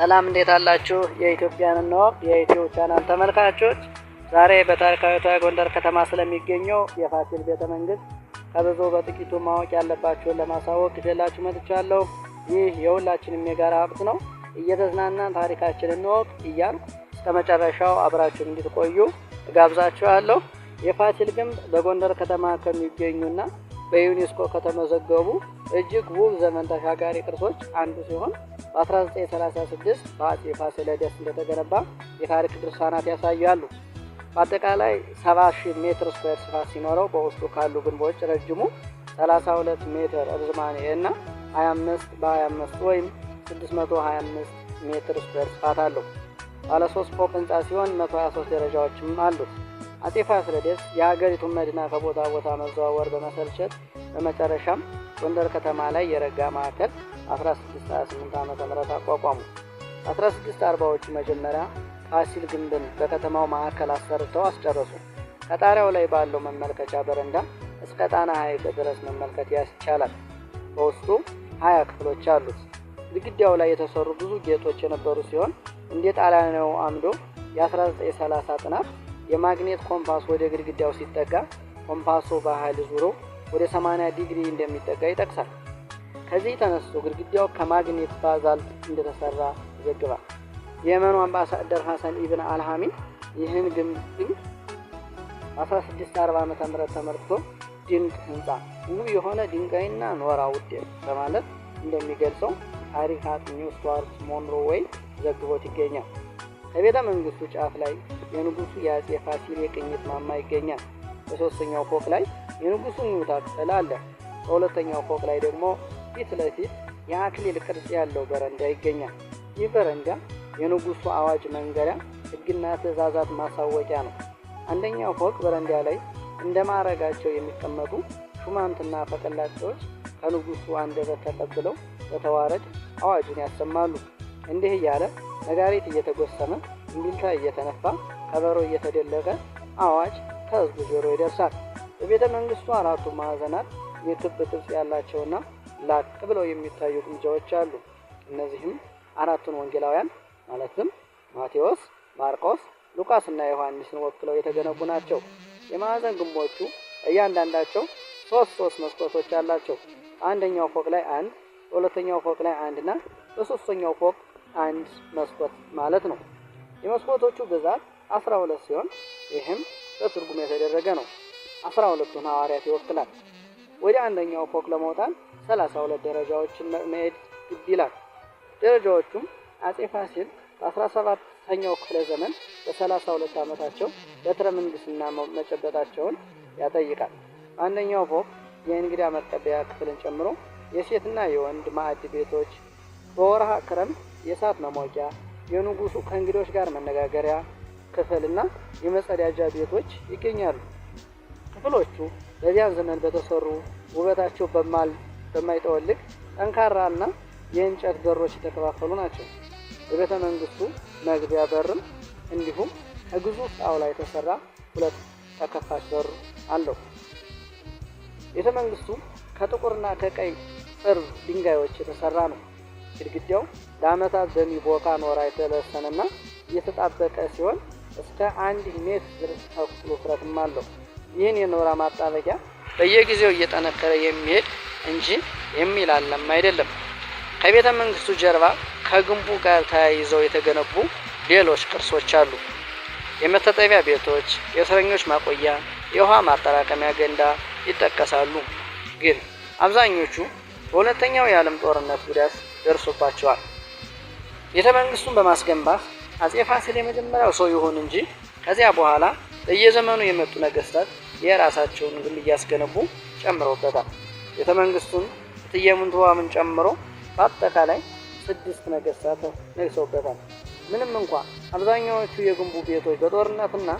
ሰላም እንዴት አላችሁ? የኢትዮጵያን እንወቅ የኢትዮ ቻናል ተመልካቾች፣ ዛሬ በታሪካዊቷ ጎንደር ከተማ ስለሚገኘው የፋሲል ቤተ መንግስት ከብዙ በጥቂቱ ማወቅ ያለባችሁን ለማሳወቅ ይዤላችሁ መጥቻለሁ። ይህ የሁላችንም የጋራ ሀብት ነው። እየተዝናናን ታሪካችን እንወቅ እያል እስከ መጨረሻው አብራችሁ እንድትቆዩ እጋብዛችኋለሁ። የፋሲል ግንብ በጎንደር ከተማ ከሚገኙና በዩኔስኮ ከተመዘገቡ እጅግ ውብ ዘመን ተሻጋሪ ቅርሶች አንዱ ሲሆን በ1936 በአጼ ፋሲለደስ እንደተገነባ የታሪክ ድርሳናት ያሳያሉ። በአጠቃላይ 70 ሜትር ስኩዌር ስፋት ሲኖረው በውስጡ ካሉ ግንቦች ረጅሙ 32 ሜትር እርዝማኔ እና 25 በ25 ወይም 625 ሜትር ስኩዌር ስፋት አለው። ባለ ሶስት ፎቅ ህንፃ ሲሆን 123 ደረጃዎችም አሉት። አጼ ፋሲለደስ የሀገሪቱን መዲና ከቦታ ቦታ መዘዋወር በመሰልቸት በመጨረሻም ጎንደር ከተማ ላይ የረጋ ማዕከል 1628 ዓ ም አቋቋሙ። 1640ዎቹ መጀመሪያ ፋሲል ግንብን በከተማው ማዕከል አሰርተው አስጨረሱ። ከጣሪያው ላይ ባለው መመልከቻ በረንዳ እስከ ጣና ሐይቅ ድረስ መመልከት ያስቻላል። በውስጡ ሀያ ክፍሎች አሉት። ግድግዳው ላይ የተሰሩ ብዙ ጌጦች የነበሩ ሲሆን እንደ ጣሊያናዊው አምዶ የ1930 ጥናት የማግኔት ኮምፓስ ወደ ግድግዳው ሲጠጋ ኮምፓሱ በኃይል ዙሮ ወደ 80 ዲግሪ እንደሚጠጋ ይጠቅሳል። ከዚህ ተነስቶ ግድግዳው ከማግኔት ባዛልት እንደተሰራ ይዘግባል። የየመኑ አምባሳደር ሐሰን ኢብን አልሃሚ ይህን ግንብ 1640 ዓ ም ተመርቶ ድንቅ ህንፃ ውብ የሆነ ድንጋይና ኖራ ውጤት በማለት እንደሚገልጸው ታሪክ አጥኚው ስቱዋርት ወይ ዘግቦት ይገኛል። ከቤተ መንግስቱ ጫፍ ላይ የንጉሱ የአጼ ፋሲል የቅኝት ማማ ይገኛል። በሶስተኛው ፎቅ ላይ የንጉሱ ሙታ ጥላ አለ። በሁለተኛው ፎቅ ላይ ደግሞ ፊት ለፊት የአክሊል ቅርጽ ያለው በረንዳ ይገኛል። ይህ በረንዳ የንጉሱ አዋጅ መንገሪያ፣ ሕግና ትእዛዛት ማሳወቂያ ነው። አንደኛው ፎቅ በረንዳ ላይ እንደ ማዕረጋቸው የሚቀመጡ ሹማምትና ፈቀላጤዎች ከንጉሱ አንደበት ተቀብለው በተዋረድ አዋጁን ያሰማሉ። እንዲህ እያለ ነጋሪት እየተጎሰመ እምቢልታ እየተነፋ ከበሮ እየተደለቀ አዋጅ ከህዝቡ ጆሮ ይደርሳል። በቤተ መንግስቱ አራቱ ማዕዘናት የክብ ቅርጽ ያላቸውና ላቅ ብለው የሚታዩ ግምጃዎች አሉ። እነዚህም አራቱን ወንጌላውያን ማለትም ማቴዎስ፣ ማርቆስ፣ ሉቃስ እና ዮሐንስን ወክለው የተገነቡ ናቸው። የማዕዘን ግንቦቹ እያንዳንዳቸው ሶስት ሶስት መስኮቶች አላቸው። አንደኛው ፎቅ ላይ አንድ፣ በሁለተኛው ፎቅ ላይ አንድ እና በሶስተኛው ፎቅ አንድ መስኮት ማለት ነው። የመስኮቶቹ ብዛት አስራ ሁለት ሲሆን ይህም በትርጉም የተደረገ ነው። አስራ ሁለቱን ሐዋርያት ይወክላል። ወደ አንደኛው ፎቅ ለመውጣት 32 ደረጃዎችን መሄድ ግድ ይላል። ደረጃዎቹም አጼ ፋሲል በ17ኛው ክፍለ ዘመን በ32 ዓመታቸው በትረ መንግስና መጨበጣቸውን ያጠይቃል። አንደኛው ፎቅ የእንግዳ መቀበያ ክፍልን ጨምሮ የሴትና የወንድ ማዕድ ቤቶች፣ በወርሃ ክረምት የእሳት መሞቂያ፣ የንጉሱ ከእንግዶች ጋር መነጋገሪያ ክፍልና የመጸዳጃ ቤቶች ይገኛሉ። ክፍሎቹ በዚያን ዘመን በተሰሩ ውበታቸው በማል በማይጠወልቅ ጠንካራና የእንጨት በሮች የተከፋፈሉ ናቸው። የቤተ መንግስቱ መግቢያ በርም እንዲሁም ከግዙፍ ጣውላ የተሰራ ሁለት ተከፋች በር አለው። ቤተ መንግስቱ ከጥቁርና ከቀይ ጥርብ ድንጋዮች የተሰራ ነው። ግድግዳው ዘሚ በሚቦካ ኖራ የተለሰነና የተጣበቀ ሲሆን እስከ አንድ ሜትር ተኩል ውፍረትም አለው። ይህን የኖራ ማጣበቂያ በየጊዜው እየጠነከረ የሚሄድ እንጂ የሚላለም አይደለም። ከቤተ መንግስቱ ጀርባ ከግንቡ ጋር ተያይዘው የተገነቡ ሌሎች ቅርሶች አሉ። የመታጠቢያ ቤቶች፣ የእስረኞች ማቆያ፣ የውሃ ማጠራቀሚያ ገንዳ ይጠቀሳሉ። ግን አብዛኞቹ በሁለተኛው የዓለም ጦርነት ጉዳት ደርሶባቸዋል። ቤተ መንግስቱን በማስገንባት አጼ ፋሲል የመጀመሪያው ሰው ይሁን እንጂ ከዚያ በኋላ በየዘመኑ የመጡ ነገስታት የራሳቸውን ግል እያስገነቡ ጨምረውበታል። ቤተ መንግስቱን ምንትዋብን ጨምሮ በአጠቃላይ ስድስት ነገስታት ነግሰውበታል። ምንም እንኳ አብዛኛዎቹ የግንቡ ቤቶች በጦርነትና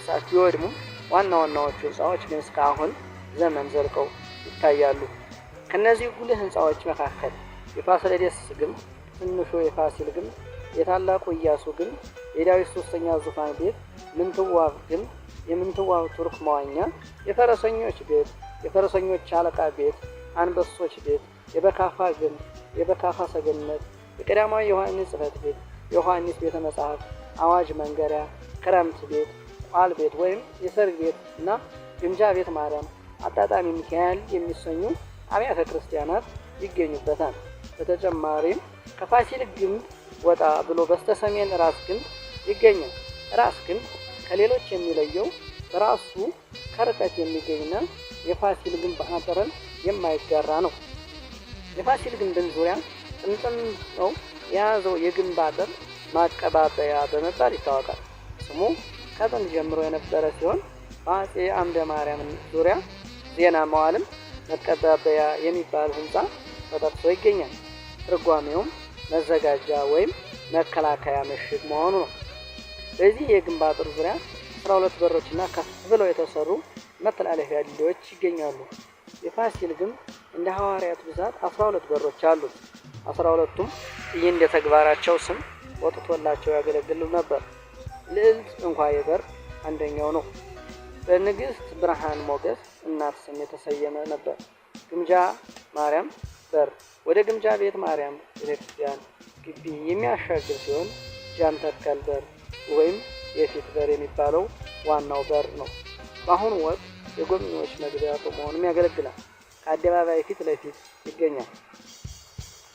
እሳት ቢወድሙ፣ ዋና ዋናዎቹ ህንፃዎች ግን እስካሁን ዘመን ዘልቀው ይታያሉ። ከእነዚህ ጉልህ ህንፃዎች መካከል የፋሲለደስ ግንብ፣ ትንሹ የፋሲል ግንብ፣ የታላቁ እያሱ ግንብ፣ የዳዊት ሶስተኛ ዙፋን ቤት፣ ምንትዋብ ግንብ የምንትዋብ ቱርክ መዋኛ፣ የፈረሰኞች ቤት፣ የፈረሰኞች አለቃ ቤት፣ አንበሶች ቤት፣ የበካፋ ግንብ፣ የበካፋ ሰገነት፣ የቀዳማዊ ዮሐንስ ጽሕፈት ቤት፣ የዮሐንስ ቤተ መጽሐፍ፣ አዋጅ መንገሪያ፣ ክረምት ቤት፣ ቋል ቤት ወይም የሰርግ ቤት እና ግምጃ ቤት ማርያም፣ አጣጣሚ ሚካኤል የሚሰኙ አብያተ ክርስቲያናት ይገኙበታል። በተጨማሪም ከፋሲል ግንብ ወጣ ብሎ በስተሰሜን ራስ ግንብ ይገኛል። ራስ ግንብ ከሌሎች የሚለየው ራሱ ከርቀት የሚገኝና የፋሲል ግንብ አጥርን የማይጋራ ነው። የፋሲል ግንብን ዙሪያ ነው የያዘው የግንብ አጥር ማቀባበያ በመባል ይታወቃል። ስሙ ከጥንት ጀምሮ የነበረ ሲሆን በአጼ አምደ ማርያም ዙሪያ ዜና መዋልም መቀባበያ የሚባል ህንፃ ተጠቅሶ ይገኛል። ትርጓሜውም መዘጋጃ ወይም መከላከያ ምሽግ መሆኑ ነው። በዚህ የግንብ አጥር ዙሪያ 12 በሮችና ከፍ ብለው የተሰሩ መተላለፊያ ድልድዮች ይገኛሉ። የፋሲል ግንብ እንደ ሐዋርያት ብዛት 12 በሮች አሉት አስራ ሁለቱም ይህ እንደ ተግባራቸው ስም ወጥቶላቸው ያገለግሉ ነበር። ልዕልት እንኳ የበር አንደኛው ነው። በንግሥት ብርሃን ሞገስ እናት ስም የተሰየመ ነበር። ግምጃ ማርያም በር ወደ ግምጃ ቤት ማርያም ቤተክርስቲያን ግቢ የሚያሻግር ሲሆን ጃንተከል በር ወይም የፊት በር የሚባለው ዋናው በር ነው። በአሁኑ ወቅት የጎብኚዎች መግቢያ በመሆኑም ያገለግላል። ከአደባባይ ፊት ለፊት ይገኛል።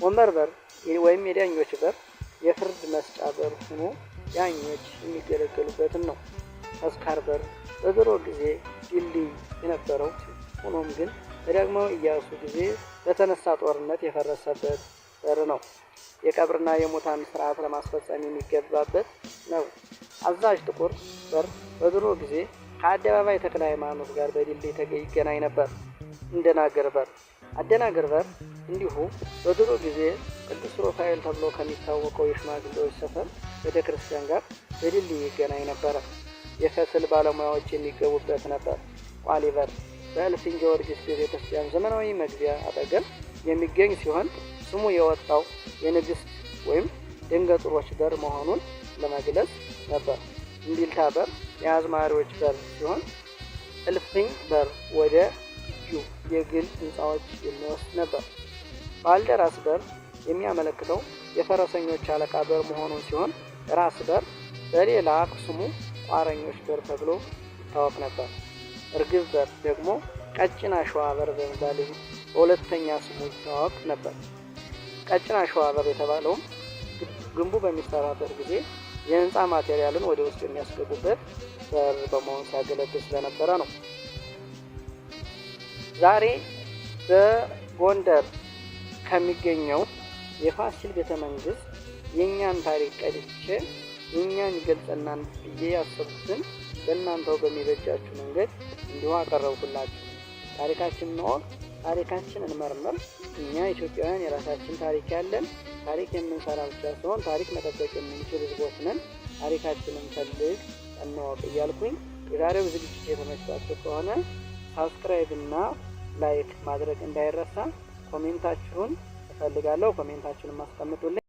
ወንበር በር ወይም የዳኞች በር የፍርድ መስጫ በር ሆኖ ዳኞች የሚገለገሉበትን ነው። መስካር በር በድሮ ጊዜ ድልድይ የነበረው ሆኖም ግን በዳግማዊ ኢያሱ ጊዜ በተነሳ ጦርነት የፈረሰበት በር ነው። የቀብርና የሙታን ስርዓት ለማስፈጸም የሚገባበት ነው። አዛዥ ጥቁር በር በድሮ ጊዜ ከአደባባይ ተክለ ሃይማኖት ጋር በድልድይ ይገናኝ ነበር። እንደናገር በር አደናገር በር እንዲሁ በድሮ ጊዜ ቅዱስ ሩፋኤል ተብሎ ከሚታወቀው የሽማግሌዎች ሰፈር ቤተ ክርስቲያን ጋር በድልድይ ይገናኝ ነበረ። የፈስል ባለሙያዎች የሚገቡበት ነበር። ቋሊበር በእልፍኝ ጊዮርጊስ ቤተ ክርስቲያን ዘመናዊ መግቢያ አጠገብ የሚገኝ ሲሆን ስሙ የወጣው የንግሥት ወይም ደንገጥሮች በር መሆኑን ለመግለጽ ነበር። እንዲልታ በር የአዝማሪዎች በር ሲሆን እልፍኝ በር ወደ ዩ የግል ህንፃዎች የሚወስድ ነበር። ባልደራስ በር የሚያመለክተው የፈረሰኞች አለቃ በር መሆኑን ሲሆን ራስ በር በሌላ ስሙ ቋረኞች በር ተብሎ ይታወቅ ነበር። እርግብ በር ደግሞ ቀጭን አሸዋ በር በመባል በሁለተኛ ስሙ ይታወቅ ነበር። ቀጭን አሸዋ በር የተባለውም ግንቡ በሚሰራበት ጊዜ የህንፃ ማቴሪያልን ወደ ውስጥ የሚያስገቡበት በር በመሆን ሲያገለግል ስለነበረ ነው። ዛሬ በጎንደር ከሚገኘው የፋሲል ቤተ መንግስት የእኛን ታሪክ ቀድቼ የእኛን ይገልጸናን ብዬ ያሰቡትን በእናንተው በሚበጃችሁ መንገድ እንዲሁ አቀረብኩላችሁ። ታሪካችን ነው። ታሪካችን መርምር። እኛ ኢትዮጵያውያን የራሳችን ታሪክ ያለን ታሪክ የምንሰራ ብቻ ሲሆን ታሪክ መጠበቅ የምንችል ህዝቦች ነን። ታሪካችንን ፈልግ እንወቅ እያልኩኝ የዛሬው ዝግጅት የተመቻችሁ ከሆነ ሳብስክራይብ እና ላይክ ማድረግ እንዳይረሳ። ኮሜንታችሁን እፈልጋለሁ። ኮሜንታችሁን አስቀምጡልኝ።